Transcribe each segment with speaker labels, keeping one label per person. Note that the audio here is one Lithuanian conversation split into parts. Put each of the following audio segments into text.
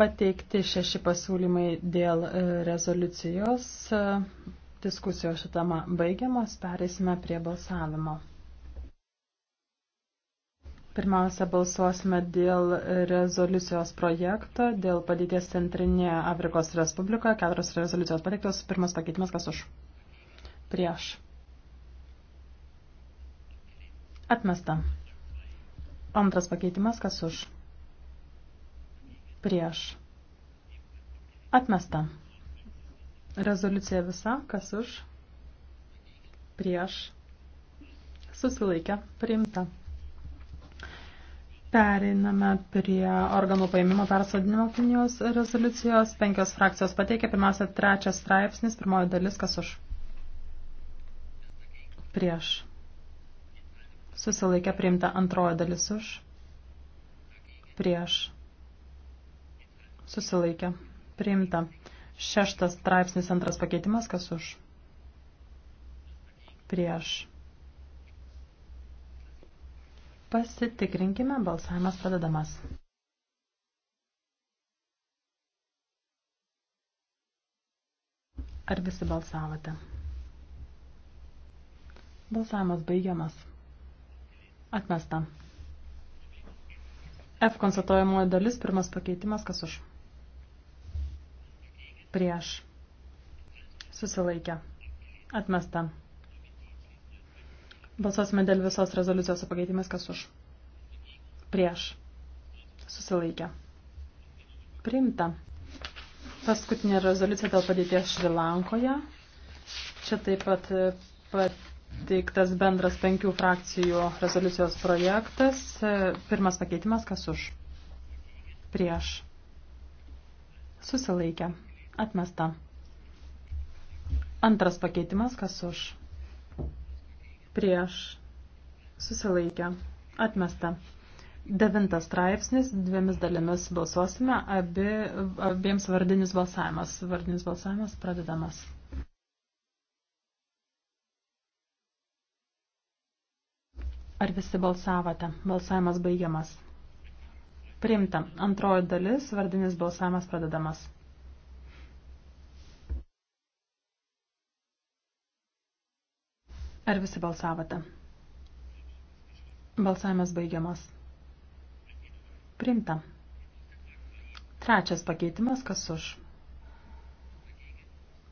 Speaker 1: pateikti šeši pasiūlymai dėl e, rezoliucijos. E, diskusijos šitama baigiamos, pereisime prie balsavimo. Pirmiausia, balsuosime dėl rezoliucijos projekto, dėl padėties Centrinėje Afrikos Respublikoje. Keturios rezoliucijos pateiktos, pirmas pakeitimas, kas už? Prieš. Atmesta. Antras pakeitimas, kas už? prieš. Atmesta. Rezoliucija visa, kas už, prieš, susilaikę, priimta. Pereiname prie organų paėmimo persodinimo Kinijos rezoliucijos. Penkios frakcijos pateikė. Pirmiausia, trečias straipsnis, pirmoji dalis, kas už. Prieš. Susilaikę priimta antroji dalis už. Prieš Susilaikė. Priimta. Šeštas straipsnis antras pakeitimas. Kas už? Prieš. Pasitikrinkime. Balsavimas pradedamas. Ar visi balsavote? Balsavimas baigiamas. Atmesta. F konstatuojamoji dalis, pirmas pakeitimas, kas už? prieš susilaikę atmesta. Balsuosime dėl visos rezoliucijos su pakeitimais, kas už prieš susilaikę priimta. Paskutinė rezoliucija dėl padėties Šrilankoje. Čia taip pat pateiktas bendras penkių frakcijų rezoliucijos projektas. Pirmas pakeitimas, kas už? Prieš. Susilaikę. Atmesta. Antras pakeitimas, kas už. Prieš. Susilaikė. Atmesta. Devintas straipsnis, dviemis dalimis balsuosime, abi, abiems vardinis balsavimas. Vardinis balsavimas pradedamas. Ar visi balsavote? Balsavimas baigiamas. Priimta. Antroji dalis, vardinis balsavimas pradedamas. Ar visi balsavote? Balsavimas baigiamas. Priimta. Trečias pakeitimas, kas už?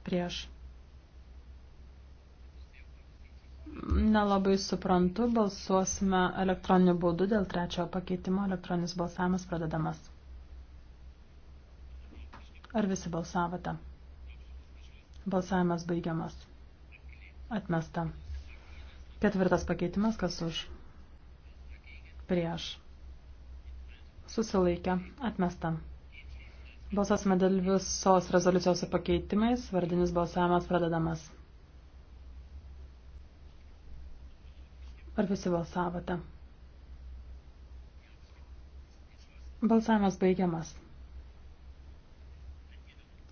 Speaker 1: Prieš. Nelabai suprantu, balsuosime elektroniniu būdu dėl trečiojo pakeitimo, elektroninis balsavimas pradedamas. Ar visi balsavote? Balsavimas baigiamas. Atmesta. Ketvirtas pakeitimas, kas už? Prieš. Susilaikė. Atmesta. Balsasime dėl visos rezoliucijos su pakeitimais. Vardinis balsavimas pradedamas. Ar visi balsavote? Balsavimas baigiamas.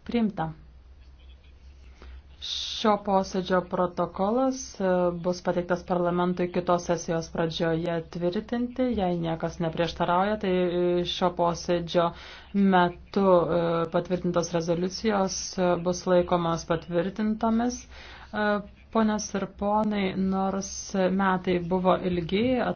Speaker 1: Priimta. Šio posėdžio protokolas e, bus pateiktas parlamentui kitos sesijos pradžioje tvirtinti. Jei niekas neprieštarauja, tai e, šio posėdžio metu e, patvirtintos rezoliucijos bus laikomas patvirtintomis. Ponios ir ponai, nors metai buvo ilgi,